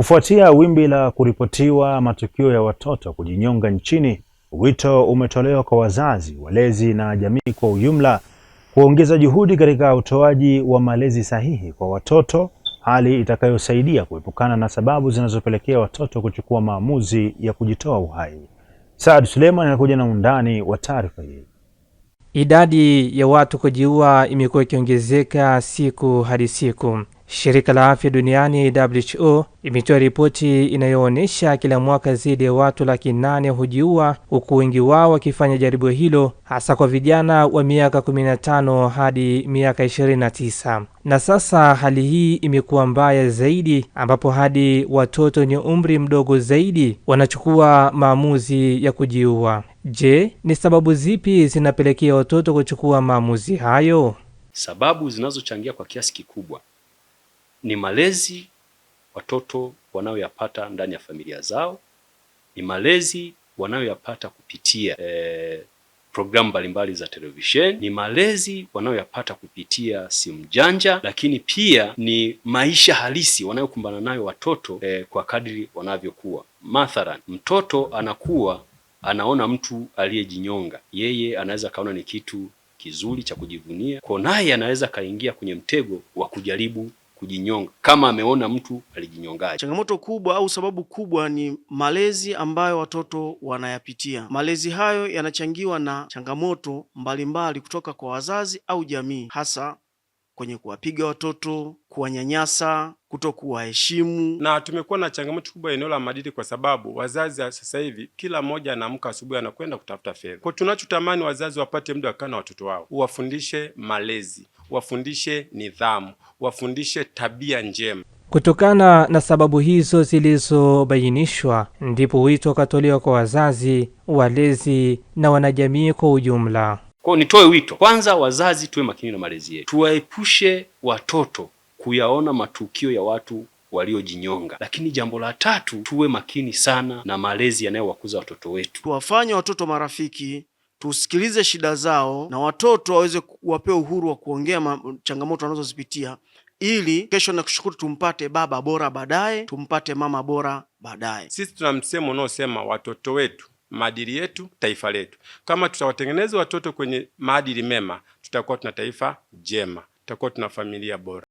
Kufuatia wimbi la kuripotiwa matukio ya watoto kujinyonga nchini, wito umetolewa kwa wazazi, walezi na jamii kwa ujumla kuongeza juhudi katika utoaji wa malezi sahihi kwa watoto, hali itakayosaidia kuepukana na sababu zinazopelekea watoto kuchukua maamuzi ya kujitoa uhai. Saad Suleiman anakuja na undani wa taarifa hii. Idadi ya watu kujiua imekuwa ikiongezeka siku hadi siku. Shirika la Afya Duniani WHO imetoa ripoti inayoonyesha kila mwaka zaidi ya watu laki nane hujiua huku wengi wao wakifanya jaribio hilo hasa kwa vijana wa miaka 15 hadi miaka 29. Na sasa hali hii imekuwa mbaya zaidi ambapo hadi watoto wenye umri mdogo zaidi wanachukua maamuzi ya kujiua. Je, ni sababu zipi zinapelekea watoto kuchukua maamuzi hayo? Sababu zinazochangia kwa kiasi kikubwa ni malezi watoto wanayoyapata ndani ya familia zao, ni malezi wanayoyapata kupitia e, programu mbalimbali za televisheni, ni malezi wanayoyapata kupitia simu janja, lakini pia ni maisha halisi wanayokumbana nayo watoto e, kwa kadri wanavyokuwa. Mathalan, mtoto anakuwa anaona mtu aliyejinyonga, yeye anaweza kaona ni kitu kizuri cha kujivunia, kwa naye anaweza kaingia kwenye mtego wa kujaribu kujinyonga kama ameona mtu alijinyongaje. Changamoto kubwa au sababu kubwa ni malezi ambayo watoto wanayapitia. Malezi hayo yanachangiwa na changamoto mbalimbali mbali kutoka kwa wazazi au jamii, hasa kwenye kuwapiga watoto, kuwanyanyasa, kuwaheshimu Na tumekuwa na changamoto kubwa eneo la maadili, kwa sababu wazazi sasa hivi kila mmoja anaamka asubuhi anakwenda kutafuta fedha. Kwa tunachotamani wazazi wapate muda wakaa na watoto wao, uwafundishe malezi wafundishe nidhamu, wafundishe tabia njema. Kutokana na sababu hizo zilizobainishwa, ndipo wito ukatolewa kwa wazazi, walezi na wanajamii kwa ujumla. Kwa nitoe wito kwanza, wazazi tuwe makini na malezi yetu, tuwaepushe watoto kuyaona matukio ya watu waliojinyonga. Lakini jambo la tatu, tuwe makini sana na malezi yanayowakuza watoto wetu, tuwafanye watoto marafiki tusikilize shida zao na watoto waweze wapewe uhuru wa kuongea changamoto wanazozipitia ili kesho na kushukuru, tumpate baba bora baadaye, tumpate mama bora baadaye. Sisi tuna msemo unaosema watoto wetu maadili yetu, taifa letu. Kama tutawatengeneza watoto kwenye maadili mema, tutakuwa tuna taifa jema, tutakuwa tuna familia bora.